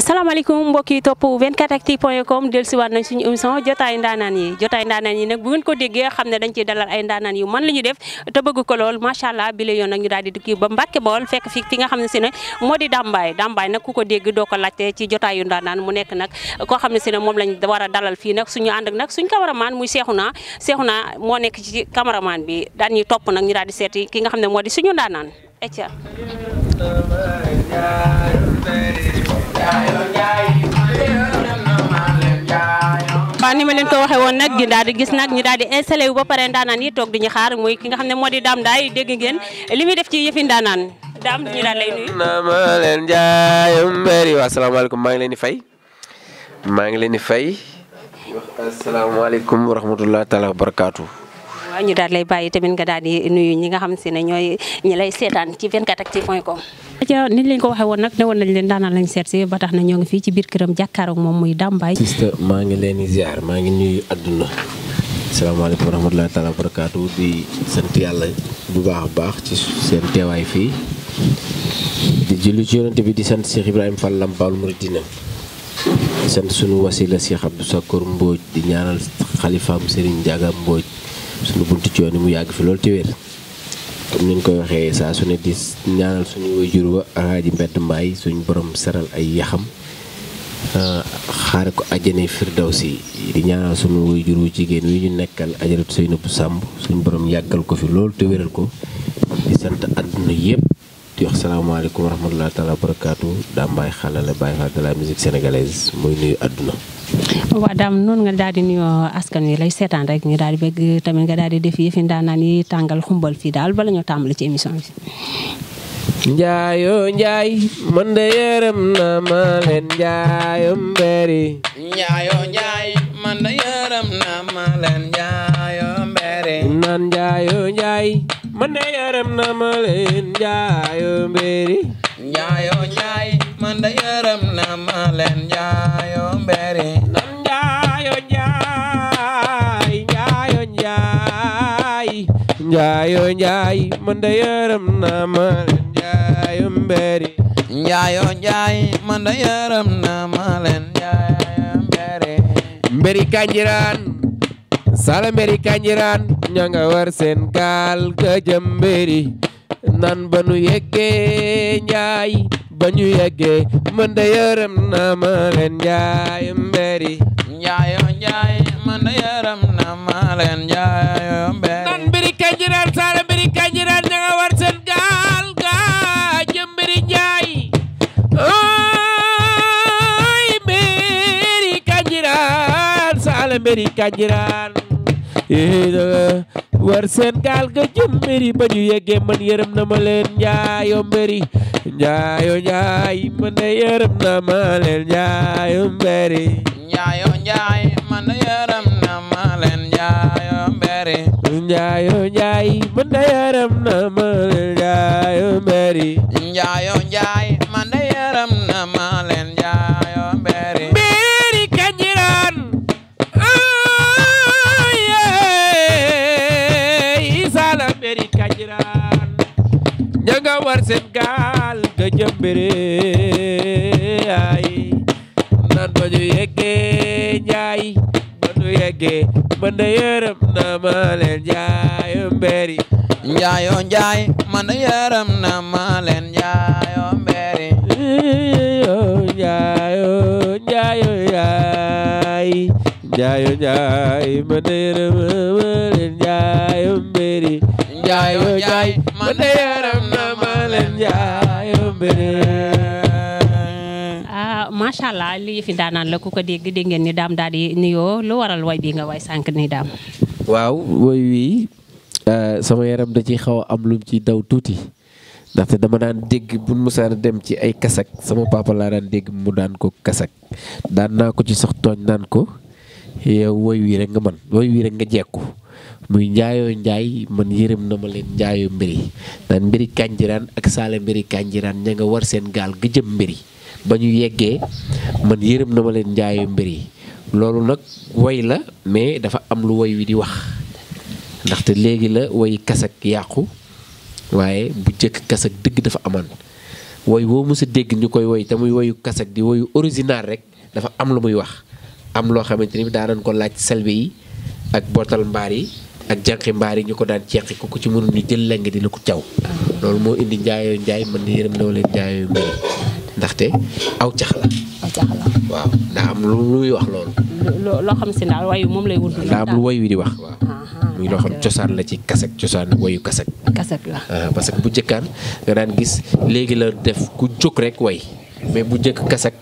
salaamaaleykum mbokki topp 24actu point com dellusiwaat nañ suñu émission jotaayu ndaanaan yi jotaayu ndaanaan yi nag bu ngeen ko déggee xam ne dañ ciy dalal ay ndaanaan yu mën li def te bëgg ko lool macha allah bi la yoon nag ñu daal di dugg ba Mbàkke Bawol fekk fi fi nga xam ne si ne moo di Dàmbaay Dàmbaay nag ku ko dégg doo ko laajte ci jotaayu ndaanaan mu nekk nag koo xam ne si ne moom lañ war a dalal fii nag suñu ànd ak nag suñu cameraman muy Seexuna Seexuna moo nekk ci cameraman bi daan ñuy topp nag ñu daal di seeti ki nga xam ne moo di suñu ndaanaan waaw ni ma leen ko waxee woon nag gi daal di gis nag ñi daal di installé wu ba pare ndaanaan yi toog di ñu xaar muy ki nga xam ne moo di Dame Ndaye dégg ngeen li muy def ci yëfi ndaanaan Dame ñu daal lay nuyu. ma leen jaay mbéri waa asalaamaaleykum maa ngi leen di fay maa ngi leen di fay. asalaamaaleykum wa rahmatulah taala wa barakaatu. waaw ñu daal lay bàyyi tamit nga daal di nuyu ñi nga xam si ne ñooy ñi lay seetaan ci 24actu.com. rajo ni lañ ko waxee woon nag ne woon nañ leen daanaan lañ seet si ba tax na ñoo ngi fii ci biir këram jàkkaaroog moom muy Dame Mbaye. sister maa ngi leen di ziar maa ngi nuyu àdduna salaamaaleykum wa rahmatulah taala wa barakaatu di sant yàlla bu baax a baax ci seen teewaay fii di julli ci yonent bi di sant Cheikh Ibrahima Fall Lambaal Mouridina sant sunu wasila Cheikh Abdou Sakor Mbodj di ñaanal xalifaam Serigne Ndiaga Mbodj. suñu buntu ci yoon mu yàgg fi loolu ci wér ñu koy waxee saa su ne di ñaanal suñu wajur wa alaaji mbedd mbaay suñu borom seral ay yaxam ah, xaare ko firdaw si di ñaanal suñu jur wu jigéen wi ñu nekkal ajaratu Seynabou Samb suñu borom yàggal ko fi loolu te wéral ko di sant àdduna yépp ki wax salaamaaleykum wa rahmatulah taalaa barakaatu daam Baye xalale Baye Fall de musique sénégalaise muy nuyu àdduna. waaw daam noonu nga daal di nuyoo askan wi lay seetaan rek ñu daal di bëgg tamit nga daal di def yëfi ndaanaan yi tàngal xumbal fii daal bala ñoo tàmbali ci émission bi. Njaayo njaay man de yërëm na ma leen njaayo mbéri. Njaayo ma njaay. man de yërëm na ma leen njaayo mbéri njaayo njaay man de yërëm na ma leen njaayo mbéri nan njaayo njaay njaayo njaay njaayo njaay man de yërëm na ma leen njaayo mbéri njaayo njaay man de yërëm na ma leen njaayo mbéri mbéri kanjiraan salambéri kañiraan ña nga war seen gaal ga jëm mbéri nan ba nu njaay ba ñu yeggee da yërëm na ma leen njaay mbéri njaayo oh njaay mën da yërëm na ma leen njaayo mbéri nan mbéri kañiraan salambéri kañiraan ña nga war seen gaal ga jëm mbéri njaay ay mbéri kañiraan salambéri kañiraan war seen gaal ga jëm ba ñu yeggee man yërëm na ma leen njaayo mbiri njaayo njaay man de yërëm na ma leen njaayo mbiri njaayo njaay man de yërëm na ma leen njaayo mbiri njaayo njaay ña nga war seen gaal ga jëm mbiri ay nan ba ñu yeggee njaay ba ñu yeggee man de yërëm na ma leen njaayo mberi njaayo njaay man yërëm na ma leen njaayo mberi njaayo njaayo njaay njaayo njaay man yërëm na ma leen njaayo jaayo jaay oh, man de yaram na ma leen jaayo oh, mbir ah, macha allah li yëfi la ku ko dégg dégg ngeen ni daam daal di nuyoo lu waral way bi nga woy sànq ni daam. waaw woy wii ah, sama yaram da ci xaw a am lu ci daw tuuti ndaxte dama daan dégg bu musaan dem ci ay kasak sama papa laa daan dégg mu daan ko kasak daan naa ko ci sax tooñ naan ko yow way wii rek nga man way wii rek nga jekku muy njaayoo njaay man yërëm na ma leen njaayoo mbiri naan mbiri kànjiraan ak saala mbiri kànjiraan ña nga war seen gaal ga jëm mbiri ba ñu yeggee man yërëm na ma leen njaayoo yi loolu nag woy la mais dafa am lu woy wi di wax ndaxte léegi la woy kasak yàqu waaye bu jëkk kasak dëgg dafa amoon woy woo mës dégg ñu koy woy te muy woyu kasak di woyu original rek dafa am lu muy wax am loo xamante ni bi doon ko laaj selbe yi ak bootal mbaar yi ak jànqi mbaar yi ñu ko daan ceeqi ku ko ci mënul jël leng di la ko caw loolu moo indi njaayoo njaay man na yërëm ndaw ndaxte aw cax la waaw ndax am lu muy wax loolu loo xam si wayu moom lay wut ndax di wax waaw muy loo xam cosaan la ci kasak cosaan wayu kasak kasak la ah, parce que bu jëkkaan nga daan gis léegi la def ku jóg rek way mais bu jëkk kasak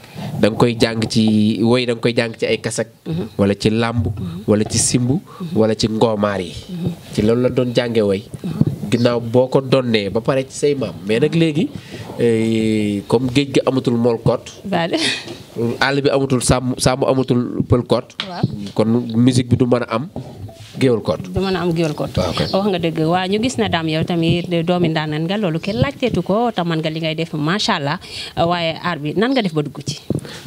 da nga koy jàng ci woy danga koy jàng ci ay kasak wala ci làmb wala ci simb wala ci ngoomaar yi ci loolu la doon jànge woy ginnaaw boo ko donnee ba pare ci say maam mais nag léegi eh, comme géej gi amatul mool koot àll bi amatul sàmm sàmm amatul pël koot kon musique bi du mën a am géwél kot du am géwél ah, kot wax nga dëgg waa ñu gis na daam yow tamit doomi ndaanan nga loolu kenn laajteetu ko te man nga li ngay def macha allah waaye aar bi nan nga def ba dugg ci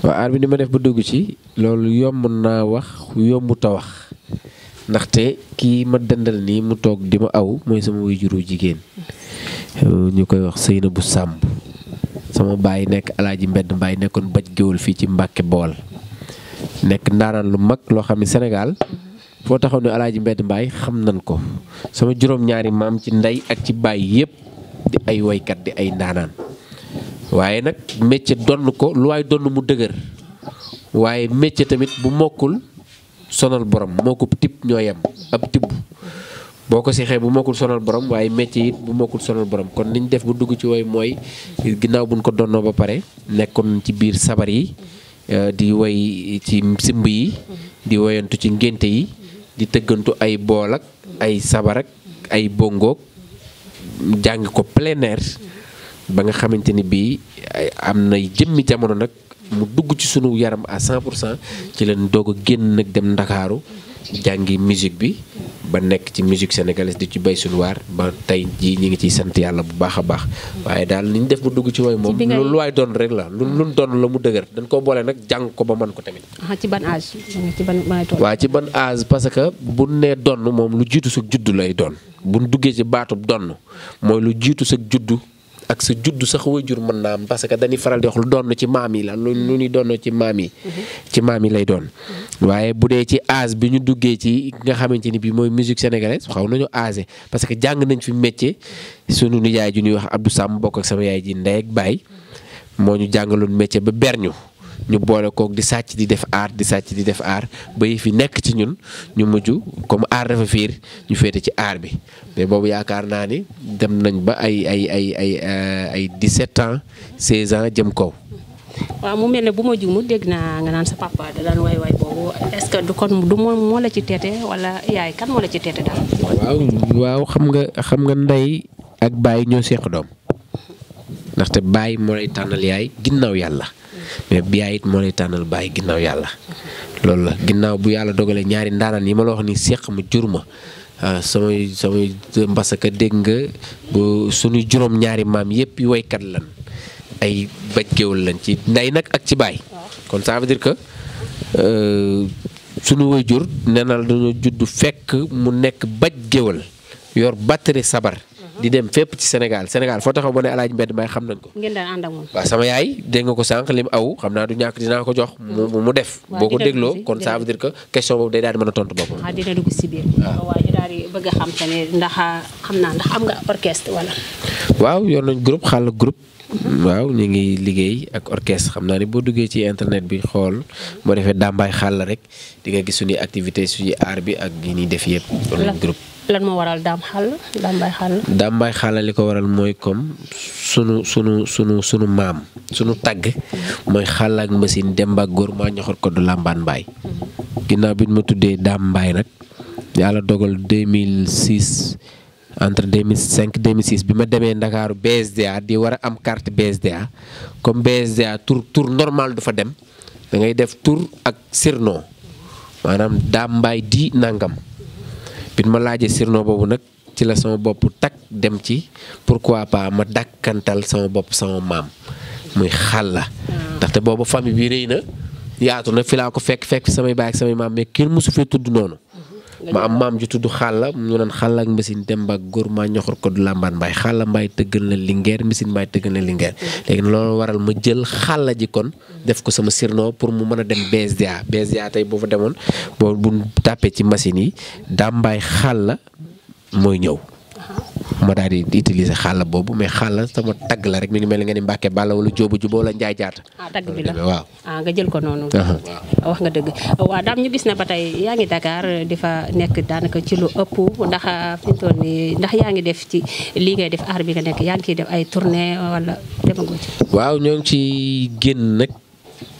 waaw bi ni ma ba dugg ci loolu yomb naa wax yombut a wax ndaxte kii ma dëndal nii mu toog di ma aw mooy sama wajuru jigéen euh, ñu koy wax sëy bu sàmb sama baay nekk ji mbedd mbay nekkoon baj géwél fii ci Mbàkke Bawol nekk ndaanaan lu mag loo xam ne Sénégal foo taxaw ne alaaji mbedd mbaay xam nan ko sama juróom-ñaari maam ci ndey ak ci baay yëpp di ay woykat di ay ndaanaan waaye nag métier donn ko lu waay donn mu dëgër waaye métier tamit bu mokkul sonal borom moo ko tib ñoo yem ko seexee bu mokkul sonal borom waaye métier it bu mokkul sonal borom kon niñ def bu dugg ci woy mooy ginnaaw buñ ko donnoo ba pare nekkoon ci biir sabar yi euh, di woy ci simb yi di woyantu ci ngénte yi di tëggantu ay bool ay sabar ay bongook jàng ko plein ba nga xamante ni bii am na jëmmi jamono nag mu dugg ci sunu yaram à 100 pour cent ci leen doog a génn nag dem Ndakaaru jàngi musique bi ba nekk ci musique sénégalaise di ci bay suñu waar ba tey jii ñu ngi ciy sant yàlla bu baax a baax waaye daal ni ñu def bu dugg ci woy moom lu lu waay doon rek la lu lu doon la mu dëgër dañ koo boole nag jàng ko ba man ko tamit ci ban âge waaw ci ban âge parce que bu nee donn moom lu jiitu sag juddu lay doon bu duggee ci baatub donn mooy lu jiitu sag juddu ak sa juddu sax waajur mën naa am parce que dañuy faral di wax lu doon ci maam yi la lu lu ñuy doon ci maam yi. Mm-hmm. ci maam yi lay doon. Mm-hmm. waaye bu dee ci ase bi ñu duggee ci nga xamante ni bii mooy musique sénégalaise xaw nañu ase parce que jàng nañ fi métier sunu nijaay ju ñuy wax Abdou Sam bokk ak sama yaay ji ndey baay mm-hmm. moo ñu jàngaloon métier ba berñu ñu boole kook di sàcc di def aar di sàcc di def aar ba yi fi nekk ci ñun ñu mujj comme aar dafa fiir ñu féete ci aar bi mais boobu yaakaar naa ni dem nañ ba ay ay ay ay euh, ay 17 ans 16 ans jëm mu mel ne bu ma juumul dégg naa nga du kon du moom moo la ci teete walla yaay kan moo la ci teete daal. waaw xam nga xam nga ndey ak baay ñoo seq doom ndaxte bàyyi moo lay tànnal yaay ginnaaw yàlla. mais biyaay it moo lay tànnal bàyyi ginnaaw yàlla. loolu la ginnaaw bu yàlla dogalee ñaari ndaanaan yi ma la wax ni seq ma jur ma ah, samay samay mbasaka dégg nga bu suñu juróom ñaari maam yépp yi waykat lan ay baj géwal ci ndey nag ak ci baay. kon ça euh, way jur nee na la dañoo judd fekk mu nekk baj géwal yor batterie sabar. di dem fépp ci Sénégal Sénégal foo taxaw ba ne alaaj mbedd may xam nañ ko. ngeen daan ànd ak moom. waaw sama yaay dégg nga ko sànq lim aw xam naa du ñàkk dinaa ko jox. mu mu def boo ko dégloo kon ça dire question boobu day daal di a tontu boppam. Ah, a xam ndax xam naa ndax am nga orchestre waaw yor nañ groupe xàll groupe. waaw ñu ngi liggéey ak orchestre xam naa ne boo duggee ci internet bi xool moo defee dàmbaay xàll rek di nga gis suñuy activité suñuy aar bi ak yi ñuy def yëpp. lan groupe moo waral daam xaal dàmbaay li ko waral mooy comme sunu sunu sunu sunu maam sunu tagg mooy xaal ak machine dem ba góor maa ñoxor ko du làmbaan mbaay. ginnaaw bi ma tuddee daam mbaay nag yàlla dogal 2006. entre cinq 2005 2006 bi ma demee Ndakaaru BSDA di war a am carte BSDA comme BSDA tour tour normal du fa dem da ngay def tour ak sirno maanaam daam mbaay di nangam bi ma laajee sirno boobu nag ci la sama bopp takk dem ci pourquoi pas ma dàkkantal sama bopp sama maam muy la ndaxte boobu famille bi rëy na yaatu na fi laa ko fekk fekk fi samay baay ak samay maam mais kenn mësu fee tudd noonu ma am maam ju tudd xàlla ñu naan xàlla ak mbisin demba góor maa ñoxor ko du làmbaan mbaay xàlla mbaay tëggal na lingeer mbisin mbaay tëggal na lingeer mm-hmm. léegi loolu waral ma jël xàlla ji kon def ko sama sirno pour mu mën a dem BSDA BSDA tey boo fa demoon boo bu tàppee ci machine yi dàmbaay la mooy ñëw ma daal di utiliser xàlla boobu mais xàlla sama tagg la rek mi ngi mel ni nga ni Mbàkke Balla wala Jóobu Juboo wala Njaay Jaata. ah tagg bi la waaw ah nga jël ko noonu. Ah, wax nga dëgg waaw daam gis ne ba tey yaa ngi Dakar nekk daanaka ci lu ëpp ndax ah, ndax yaa ngi def ci lii ngay def aar bi nga nekk yaa ngi ciy def ay tournée wala demagoo ci. ñoo ngi ciy génn nag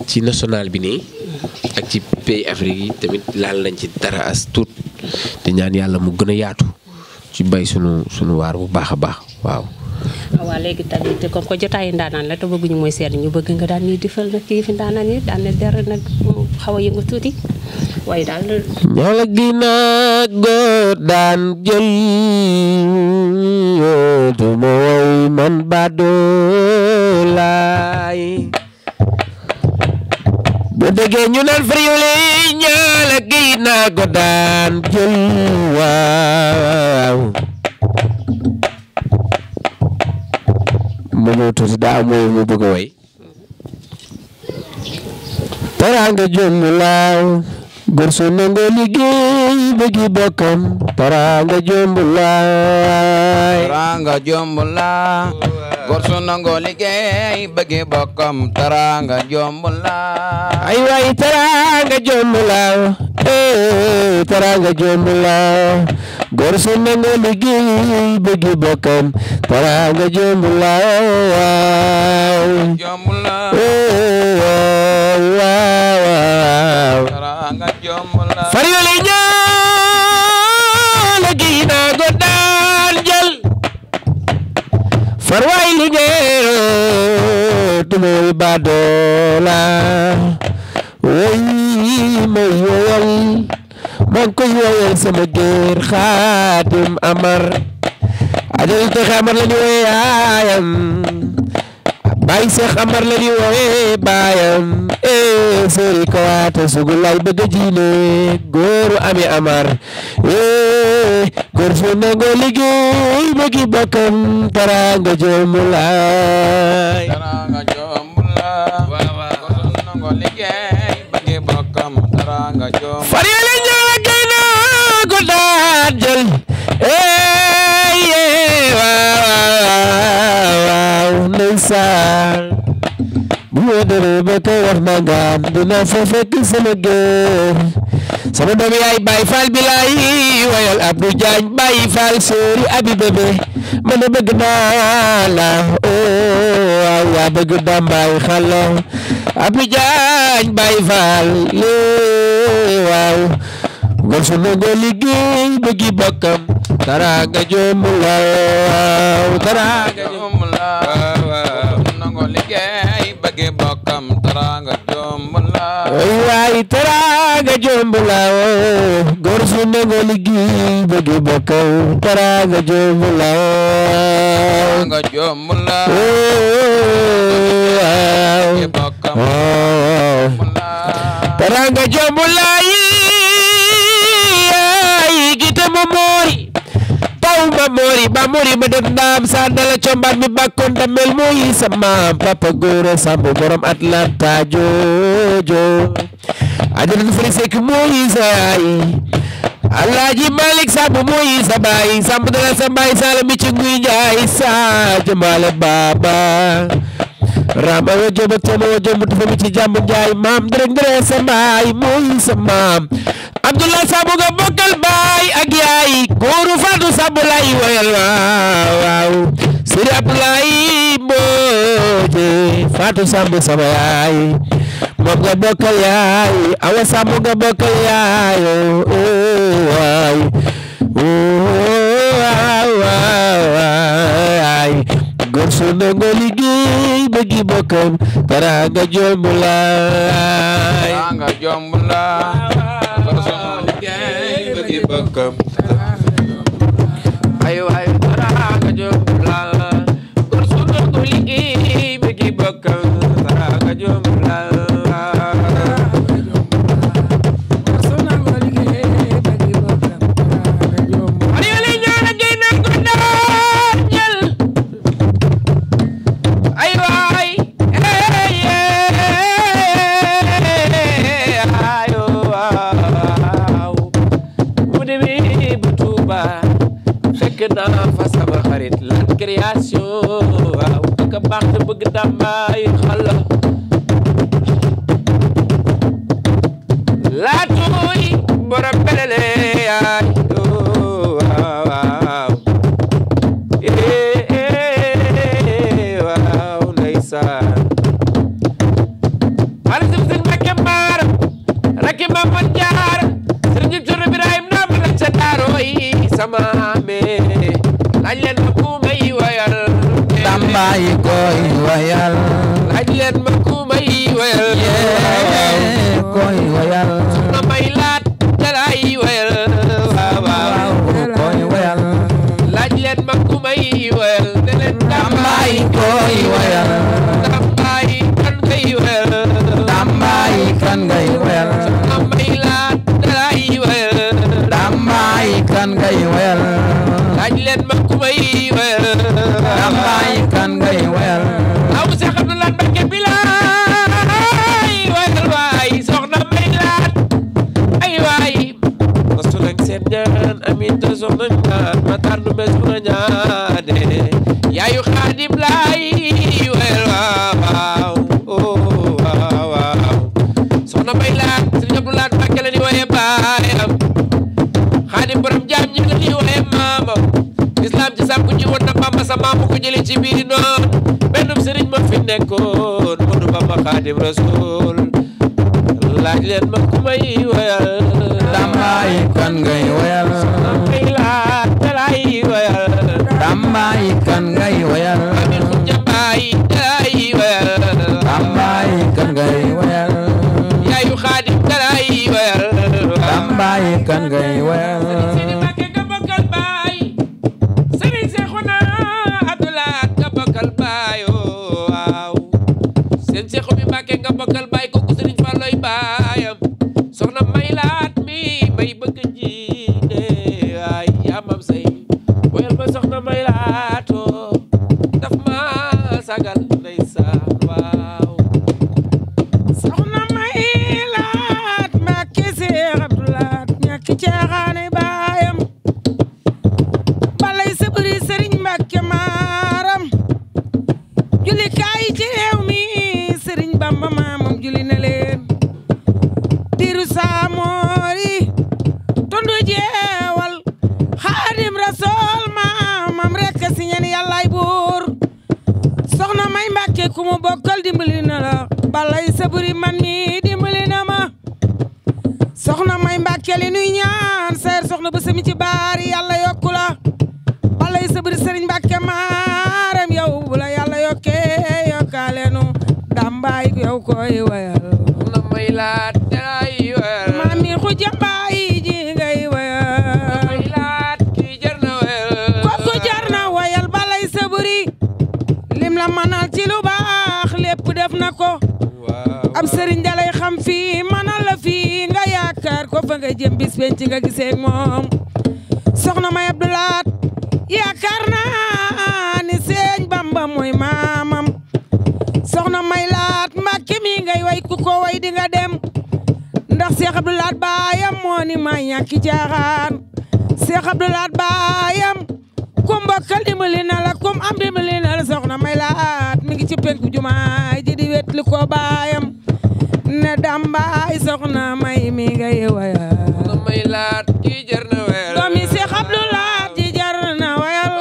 ci national bi nii. ak ci pays Afrique yi tamit laal lañ ci dara as tuut te ñaan yàlla mu gën a yaatu. ci bay sunu sunu waar bu baax a baax waaw. Ah, waa léegi tamit comme que jotaayu ndaanaan la te bëgguñu mooy seet ñu bëgg nga daan ñuy defal nag kii fi ndaanaan yi daan na der nag mu xaw a yëngu tuuti waaye daal. ñala gi nag daan jël du man ba doolaay. bu déggee ñu naan Friuli ñaala géej naa daan jël waaw mu ñëw tuuti daa am mu bëgg way taraanga jom laaw góor su nangoo liggéey bëggi bokkam taraanga jom laaw taraanga jom góor su nangoo liggéey bëgg bokkam taraanga jombul la ay taraanga jombul la eh taraanga jombul la góor su liggéey bëgg bokkam taraanga jombul la eh, waaw jombul farwaay liggéeyo tubéy badoola woy ma yooyal maa ngi koy yooyal sama géer xaadim amar ajal texe amar la ñu wooyee yaayam bàyyi seex amar la ñu wooyee baayam ee sëriñ ko waata sugu lay bëgg jiile góoru ami amar ee góor fu nangoo liggéey bëgg bakkan taraanga joomu laay taraanga joomu laay waaw waaw góor fu nangoo liggéey bëgg bakkan taraanga joomu far yele ñëw la kay naa ko daan jël ee waaw waaw waaw ndeysaan ne ko wax na ngam dina fa fekk sama góor sama doom yaay Baye Fall bi wayal Abdou Diagne Baye Fall sori abi bébé ma ne bëgg naa la oo oh, waaw yaa bëgg dambaay xala Abdou Diagne Baye Fall lee waaw góor su nangoo liggéey bëggi bokkam taraanga joomu la waaw taraanga joomu waayi teraanga jomb la woo góor su nangoo ba kaw teraanga jomb la woo teraanga yow ma moori ba moori ma def ndaam saa dala combat mi bakkoon da mel mooy sama papa góor samb borom Atlanta joojo ajaran fari sekk mooy sa yaay Malik Samb mooy sa baay samb dala saala mi ci nguy njaay saa jamaale baaba raam awa jooba tooma wa joom du fami ci jàmm njaay maam ndërëg ndërëg sa maay mooy sa maam abdullah saabu nga bokkal baay ak yaay góoru faatu saabu lay woyal waaw sëri abdullah mbooje faatu saabu sama yaay moom nga bokkal yaay awa saabu nga bokkal yaay oo oh, oh, waay war su nango liggéey bëggi bokkam teraanga jomb laay teraanga jomb laay war su nango liggéey bëggi bokkam ay waay bëgg naa fa sama xarit Laat création waaw bëgg baax te bëgg dàmbaay xala laatuy borom belele yaay waaw ee waaw ndeysaan xale sëf sëg Mbakke Mbaar rakki Mamadou Jaar sëriñ Thierno Birahim Ndam la ca daarooy sama bañ leen ku may wayal Tamba yi nekkoon Modou Bamba Xaadim Rasuul laaj leen ma ku may Serigne Mbacke maaram yow bu jar na wayal kooku jar saburi lim la manal ci lu baax def na ko ab sëriñ dalay xam fii manal la fii nga yaakaar ko fa nga jëm bis nga gisee moom géej ku ko way di dem ndax Cheikh Abdou Lahad baayam moo ni ma ñàkki caaxaan Cheikh Abdou Lahad baayam ku mbokkal dimbali na la kum am dimbali na may laat mi ngi ci jumaay ji di wet li ko baayam ne dambaay soxna may mi nga yewaya may laat ji jar na wayal doomi Cheikh Abdou Lahad ji jar na wayal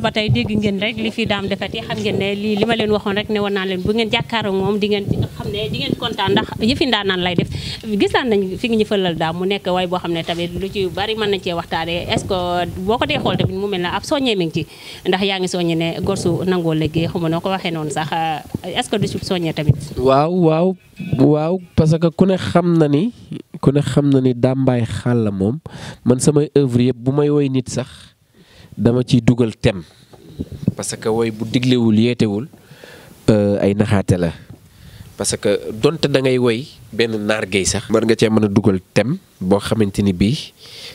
ba tey dégg ngeen rek li fi daam defet yi xam ngeen ne lii li ma leen waxoon rek ne woon naa leen bu ngeen jàkkaaroo moom di ngeen xam ndax yëfi lay def gisaan nañ fi ngi ñu daam mu nekk waaye boo xam ne tamit lu ci bari mën nañ cee waxtaane est-ce que boo ko dee xool tamit mu mel ne ab soññee mi ko waxee noonu sax est-ce que du ci soññee tamit waaw waaw waaw parce que ku ne xam na na ni moom man samay œuvre yëpp bu may woy nit sax dama ciy dugal tem parce que woy bu diglewul yeetewul euh, ay naxaate la parce que donte da ngay woy benn naar gay sax war nga cee mën a dugal tem boo xamante ni bii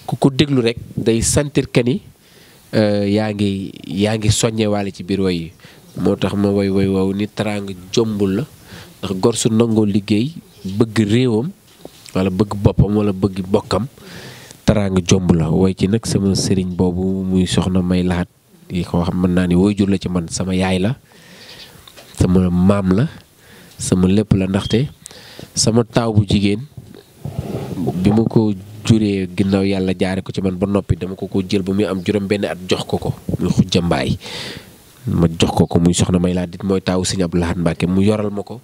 ku ko déglu rek day sentir que ni euh, yaa ngi yaa ngi soññewaale ci biir woy yi moo tax ma woy woy wow ni teraanga jombul la ndax gorsu nangoo liggéey bëgg réewam walla bëgg boppam wala bëgg bokkam taraanga jomb la way ci nag sama sëriñ boobu muy soxna may laat yi ko xam mën naa ni waajur la ci man sama yaay la sama maam la sama lépp la ndaxte sama taaw bu jigéen bi mu ko juree ginnaaw yàlla jaare ko ci man ba noppi dama ko ko jël ba muy am juróom benn at jox ko ko muy xujja mbaay ma jox ko ko muy soxna may laa di mooy taawu sëñ Abdou Lahad Mbacke mu yoral ma ko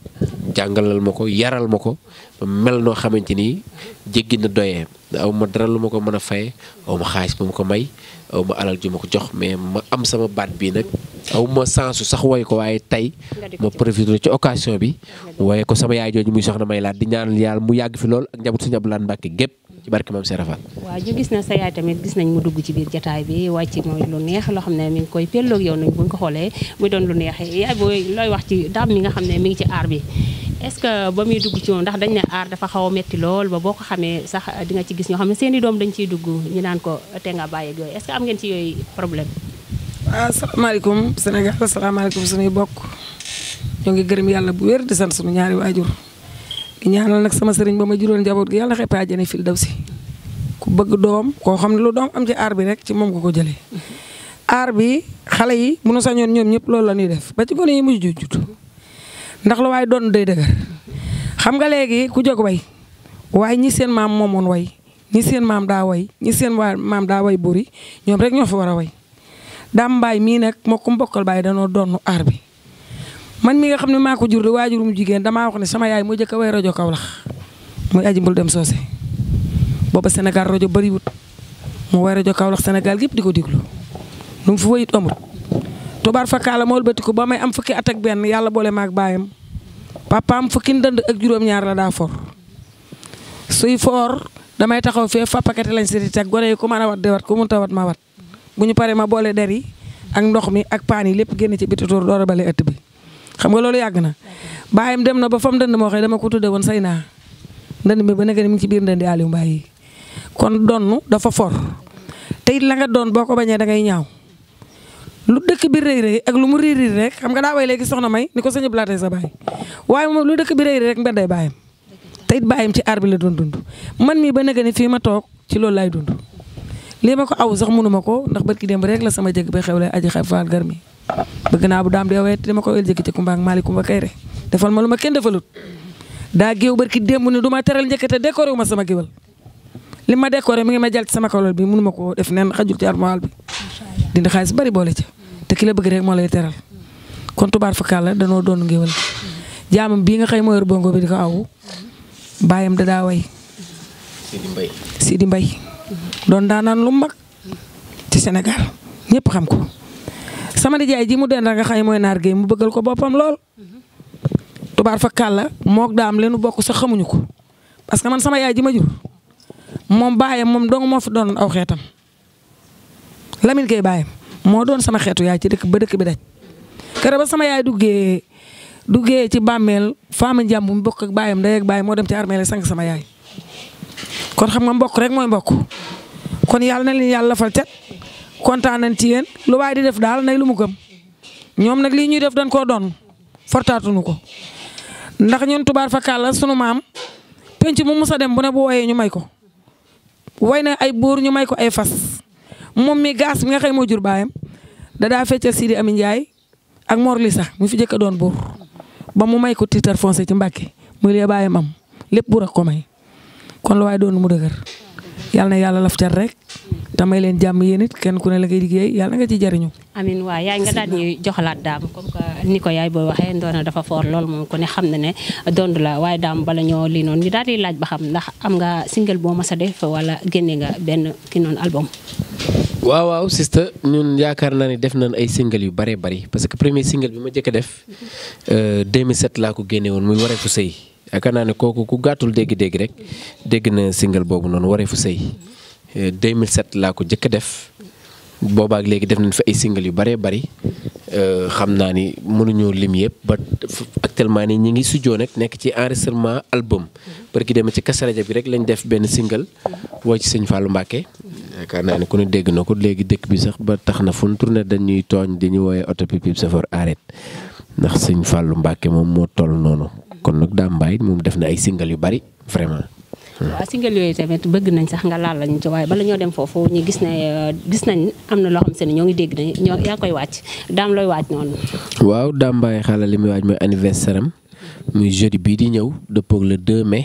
jàngalal ma ko yaral ma ko mel noo xamante ni jéggi na doyee aw ma dara lu ma ko mën a faye aw ma xaalis ba ma ko may aw ma alal ju ma ko jox mais ma am sama baat bii nag aw ma sensu sax woy ko waaye tey ma profité ci occasion bi woye ko sama yaay jooju muy soxna may laa di ñaanal yàlla mu yàgg fi lool ak njabootu sëñ Abdou Lahad Mbacke gépp ci barke maam Serafal. waaw ñu gis na sa yaay tamit gis nañ mu dugg ci biir jataay bi wàcc mooy lu neex loo xam ne mi ngi koy pelloog yow nañ bu ñu ko xoolee muy lu neex yaay booy looy wax ci daam nga xam ne mi ngi ci aar bi. est-ce que ba muy dugg ci moom ndax dañ ne aar dafa xaw a metti lool ba boo ko xamee sax di nga ci gis ñoo xam ne seen i doom dañ ciy dugg ñu naan ko te nga bàyyi ak yooyu est-ce que am ngeen ci yooyu problème. waaw ah, salaamaaleykum Sénégal salaamaaleykum suñuy bokk ñoo ngi gërëm yàlla bu wér di sant suñu ñaari waajur di ñaanal nag sama sëriñ ba ma juróon njaboot gi yàlla xepp àjjana fil daw si ku bëgg doom koo xam ne lu doom am ci aar bi rek ci moom ko ko jalee aar bi xale yi bu nu sañoon ñoom ñëpp loolu la ñuy def ba ci gone yi mujj jujjut ndax lu waaye doon day dëgër xam nga léegi ku jóg way waaye ñi seen maam moomoon way ñi seen maam daa way ñi seen waa maam daa way buri ñoom rek ñoo fi war a way daam mbaay mii nag moo ko mbokkal baay danoo doon aar bi man mi nga xam ne maa ko jur de waajurum jigéen damaa wax ne sama yaay moo jëkk a way rajo Kaolack mooy aj mbul dem soose booba Sénégal rajo bëriwut mu way rajo Kaolack Sénégal yëpp di ko déglu lu mu fi wayit amul tubaar fakkaala mool bëti ko ba may am fukki at ak benn yàlla boole maag baayam papaam fukki ndënd ak juróom-ñaar la daa for suy foor damay taxaw fee fa pakete lañ si di teg gone yi ku man a wat di wat ku mënta wat ma wat bu ñu paree ma boole der yi ak ndox mi ak paan yi lépp génn ci biti tuur door a bi xam nga loolu yàgg na baayam dem na ba fam dënd moo xëy dama ko tudde woon say naa ndënd mi ba nekk ni ci biir ndëndi Aliou Mbaye yi kon donn dafa foor te it la nga boo ko bañee da ngay ñaaw lu dëkk bi rëy rëy ak lu mu riir riir rek xam nga daa way léegi soxna may ni ko sëñ Blaté sa baay waaye moom lu dëkk bi rëy rek mbedday baayam te it baayam ci aar bi la doon dund man mii ba nekk ni fii ma toog ci loolu laay dund lii ma ko aw sax mënuma ko ndax barki démb rek la sama jëg ba xew lay aji xay mi bëgg naa bu daam di awee dama ko exécuté Kumba ak Malick Kumba Kayre defal ma lu ma kenn defalut daa géew barki démb ni du ma teral njëkkate décoré wu ma sama géwal li ma décoré mi ngi ma jàll ci sama kawlal bi mënu ma koo def nen xajul ci armoire bi dindi xaalis bari boole ca te ki la bëgg rek moo lay teral kon tubaar fakkaal la danoo doon géwal jaamam bii nga xëy moo yor bongo bi di ko awu baayam da daa way Sidi Mbaye Sidi Mbaye doon daanaan lu mag ci Sénégal ñëpp xam ko sama nijaay ji mu den da nga xay mooy naar géey mu bëggal ko boppam lool. tubaar fa kàlla moo daam leenu bokk sax xamuñu ko parce que man sama yaay ji ma jur moom baayam moom dong moo fi doon aw xeetam Lamine Gueye baayam moo doon sama xeetu yaay ci dëkk ba dëkk bi daj kere ba sama yaay duggee duggee ci bàmmeel faama njàmb mu bokk ak baayam ndey ak baay moo dem ci armeel sang sama yaay kon xam nga mbokk rek mooy mbokk kon yàlla na leen yàlla lafal kontaan nañ ci yéen lu waay di def daal nay lu mu gëm ñoom nag lii ñuy def dañ koo doon fortaatuñu ko ndax ñun tubaar fakkaal la sunu maam penc mu musa dem bu ne bu wooyee ñu may ko way na ay buur ñu may ko ay fas moom mi gaas mi nga xëy moo jur baayam da daa fecca Sidi Amin Ndiaye ak moor Lissa mu fi jëkk doon buur ba mu may ko titre foncier ci Mbàkke muy lee baayam am lépp buur ak ko may kon lu waay doon mu dëgër yàlla na yàlla laf cat rek damay leen jàmm yéen it kenn ku ne la ngay liggéey yàlla nga ci jariñu amin waa yaay nga daal ñuy joxalaat daam comme que ni ko yaay booy waxee ndoona dafa foor lool moom ku ne xam na ne dond la waaye daam bala ñoo lii noonu ñu daal di laaj ba xam ndax am nga single boo mas a def wala génne nga benn ki noonu album waaw waaw sista ñun yaakaar naa ne def nañ ay single yu bëree bari parce que premier single bi ma njëkk def euh, def 2007 laa ko génne woon muy wareefu sëy yaakaar naa ne kooku ku gàttul dégg-dégg rek dégg na single boobu noonu wareefu sëy 2007 euh, laa ko jëkk def boobaak léegi def nañ fi ay single yu bëree bëri euh, xam naa ni mënuñoo lim yëpp ba actuellement nii ñi ngi studio nag nekk ci enregistrement album. parce que demee ci Kazu Rajab bi rek lañ def benn single woo ci sëñ fàllu Mbacké. yaakaar naa ne ku ne dégg na ko léegi dëkk bi sax ba tax na fu ñu tourné dañuy tooñ di ñu woowee oto pipi safar arrête ndax sëñ fàllu Mbacké moom moo toll noonu kon nag daa mbaay moom def na ay single yu bëri vraiment. waaw single yooyu tamit bëgg nañ sax nga laal lañu ci waaye bala ñoo dem foofu ñu gis ne euh, gis nañ am na loo xam se ne ñoo ngi dégg nañ ñoo yaa koy wàcc daam looy wàcc noonu waaw daam bàyyi xala li muy wàcc mooy anniversaire muy jeudi bii di ñëw dëppoog le 2 mai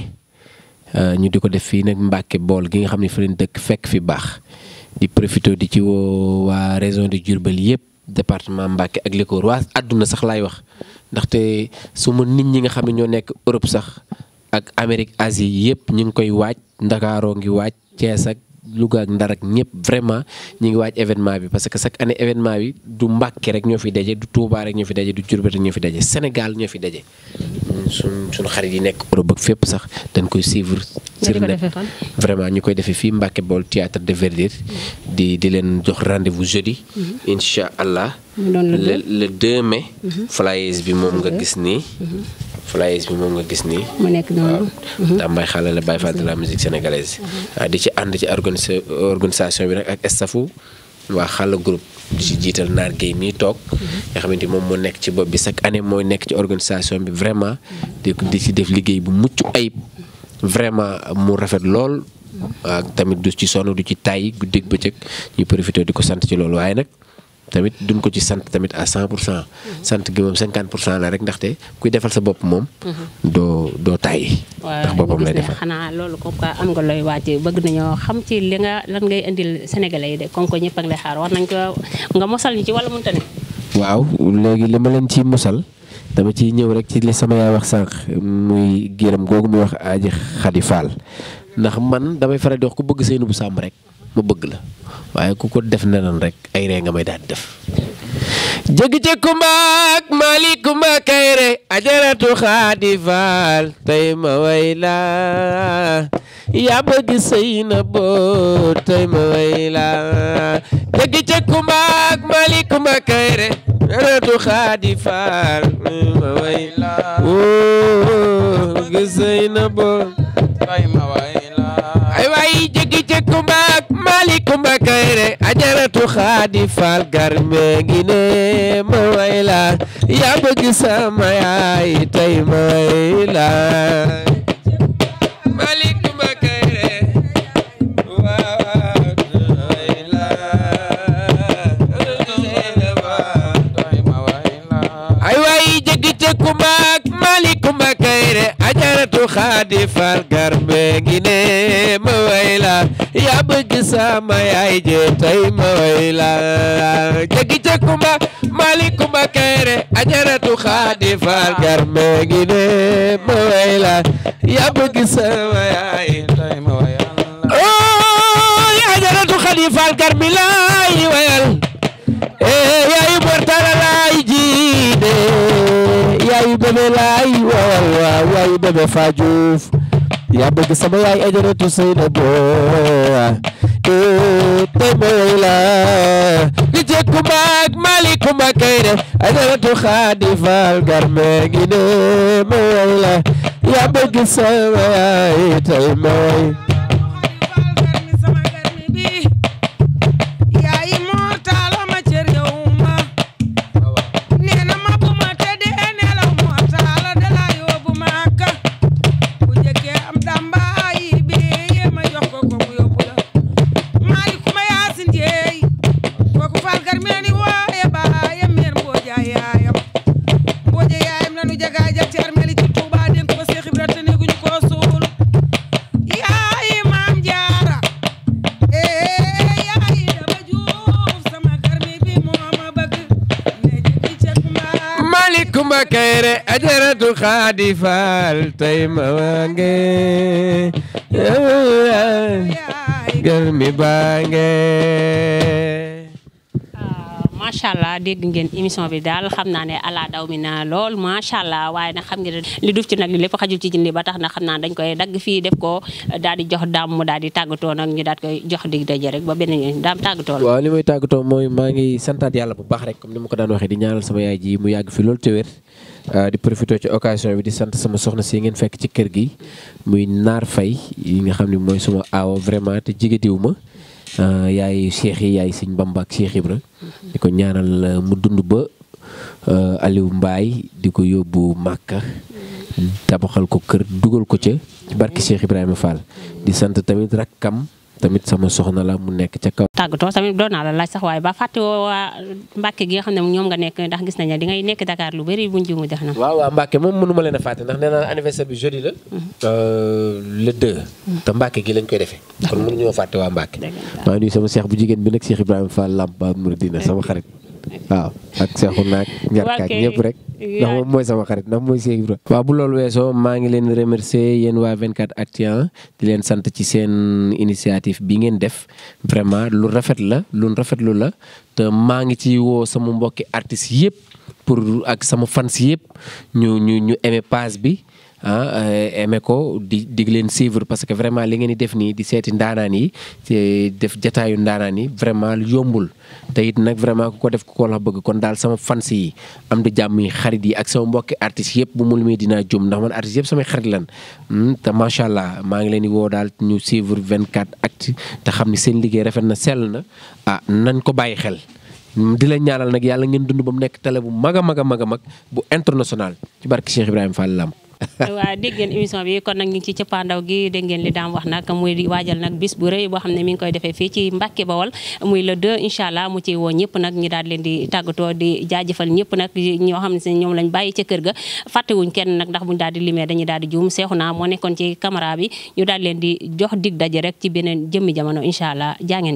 euh, ñu di ko def fii nag Mbàkke bool gi nga xam ne fi leen dëkk fekk fi baax di profité di ci woo waa région de jurbal yëpp département Mbàkke ak li ko waa àdduna sax laay wax ndaxte su ma nit ñi nga xam ne ñoo nekk Europe sax ak Amérique Asie yëpp ñu ngi koy waaj Ndakaaroo ngi waaj Thiès ak Louga ak Ndar ak ñëpp vraiment ñu ngi waaj événement bi parce que chaque année événement bi du Mbàkke rek ñoo fi daje du Touba rek ñoo fi daje du Diourbel ñoo fi dajee Sénégal ñoo fi daje. suñ suñ xarit yi nekk Europe ak fépp sax dañ koy suivre. vraiment ñu koy defee fii Mbacke Bawol théâtre de verdure mm-hmm. di di leen jox rendez-vous jeudi mm-hmm. incha allah le le 2 mai mm-hmm. flyers bi moom nga gis nii flyers bi moom nga gis nii mu nekk noonu daa mbay xale la Baye Fall de la musique sénégalaise ah, di ci ànd ci organisation bi rek ak staffu waa xàll groupe di ci jiital naar Guèye mii toog nga xamante moom moo nekk ci bopp bi chaque année mooy nekk ci organisation bi vraiment di di ci def liggéey bu mucc ayib vraiment mu rafet lool. ak tamit du ci sonn du ci tay guddi ak bëccëg ñu profité di ko sant ci lool waaye nag. tamit duñ ko ci sant tamit à 100 pour cent. sant gi moom 50 pour cent la rek ndaxte kuy defal sa bopp moom. Mhm. doo doo tàyyi. ndax boppam lay defal xanaa loolu ko quoi am nga looy waajee bëgg nañoo xam ci li nga lan ngay indil Sénégalais yi de comme que ñëpp a ngi lay ko nga mosal ñu ci wala mënta ne. waaw léegi li ma leen ci mosal. dama ciy ñëw rek ci li sama yaay wax sànq muy gërëm googu muy wax aji xadi faal ndax man damay faral di wax ku bëgg bu Samb rek ma bëgg la waaye ku ko def neneen rek ay ree nga may daal def jëgg ci kumba ak Malick Kumba Kayre ajaratu xadi faal tey ma yaa bëgg sëy na boo tey ma way la bëgg sëy na boo tey ma way la bëgg sama yaay tey ma way xaadi faal garme ngi wayla yaa bëgg sama yaay je tay wayla jegi je kumba mali kumba kayre ajaratu xaadi faal garme ngi wayla yaa bëgg sama yaay tay wayla oo oh, ajaratu xaadi faal garme laay wayal ee eh, yaay mortala laay jiide yaayu bébé laay waaw waaw yaayu bébé yaa bëgg sama yaay ajaratu Seynabo eh, tey ma yooyu la li jëkku maag Maliku ma kay ajaratu Xaadi Faal garme ngi ne yaa bëgg sama yaay tey ma yooyu xaadi faal tey ma wange garmi baange ah, macha allah dégg ngeen émission bi daal xam naa ne ala daw mi na lool macha allah waaye nag xam ngeen li duf ci nag li lépp xajul ci jindi ba tax na xam naa dañ koy dagg fii def ko daal di jox daam mu daal di tàggatoo nag ñu daal koy jox dig daje rek ba beneen yoon daam tàggatoo waaw li may tàggatoo mooy maa ngi santaat yàlla bu baax rek comme ni ma ko daan waxee di ñaanal sama yaay ji mu yàgg fi loolu te wér Euh, di profité ci occasion bi di sant sama soxna si ngeen fekk ci kër gi muy Naar Faye yi nga xam ni mooy suma aawa vraiment te jige diw ma euh, yaay Cheikh yi yaay Sëñ Bamba ak Cheikh Ibra di ko ñaanal euh, mu dund ba Aliou mbaay di ko yóbbu Màkka tabaxal ko kër dugal ko ca ci barki Cheikh Ibrahima Fall di sant tamit rakkam tamit sama soxna la mu nekk ca kaw. tàggatoo tamit doon naa la laaj sax waaye ba fàtte woo waa Mbacke gi xam ne ñoom nga nekk ndax gis nañ ne ngay nekk Dakar lu bëri bu njiw mu def na. waaw waaw Mbacke moom mënu leen a fàtte ndax nee naa bi jeudi la. Mhm. Euh, le mhm. te Mbacke gi lañ koy defee. kon mënuñoo fàtte waa Mbacke. dëgg la maa ngi sama seex bu jigéen bi nag Seex Ibrahima Fall Lamp Ba Mouridina eh. sama xarit. waaw ak seexu naag njarkaaj ñëpp rek ndax mooy sama xarit ndax mooy Cheikh Ibra waaw bu loolu weesoo maa ngi leen remercier yéen waa vingt 24actu ah. di leen sant ci seen initiative bi ngeen def vraiment lu rafet la lu rafetlu la te maa ngi ci woo sama mbokki artistes yëpp pour ak sama fans yëpp ñu ñu ñu page bi ah eh, aimé ko di dig leen suivre parce que vraiment li ngeen di def nii di seeti ndaanaan yi def jataayu ndaanaan yi vraiment yombul te it nag vraiment ku ko def ku ko la bëgg kon daal sama fans yi am di jàmm yi xarit yi ak sama mbokki artistes yëpp bu mu limee dinaa jum ndax man artistes yëpp sama xarit lan hmm, te macha allah maa ngi leen di woo daal ñu suivre 24 ak te xam ni seen liggéey rafet na sell na ah nañ ko bàyyi xel. Hmm, di la ñaanal nag yàlla ngeen dund ba mu nekk télé bu mag a mag mag a mag bu international ci barke Cheikh Ibrahima Fall Lam waaw dégg ngeen émission bi kon nag ñu ngi ci cëppaandaw gi dégg li daam wax nag muy waajal nag bis bu rëy boo xam ne mi ngi koy defee fii ci Mbàkke Bawol muy le 2 incha allah mu ciy woo ñëpp nag ñi daal leen di tàggatoo di jaajëfal ñëpp nag ñoo xam ne si ñoom lañ bàyyi ca kër ga fàttewuñ kenn nag ndax buñu daal di limee dañuy daal di juum seexu naa moo nekkoon ci caméra bi ñu daal leen di jox dig daj rek ci beneen jëmmi jamono incha allah jaa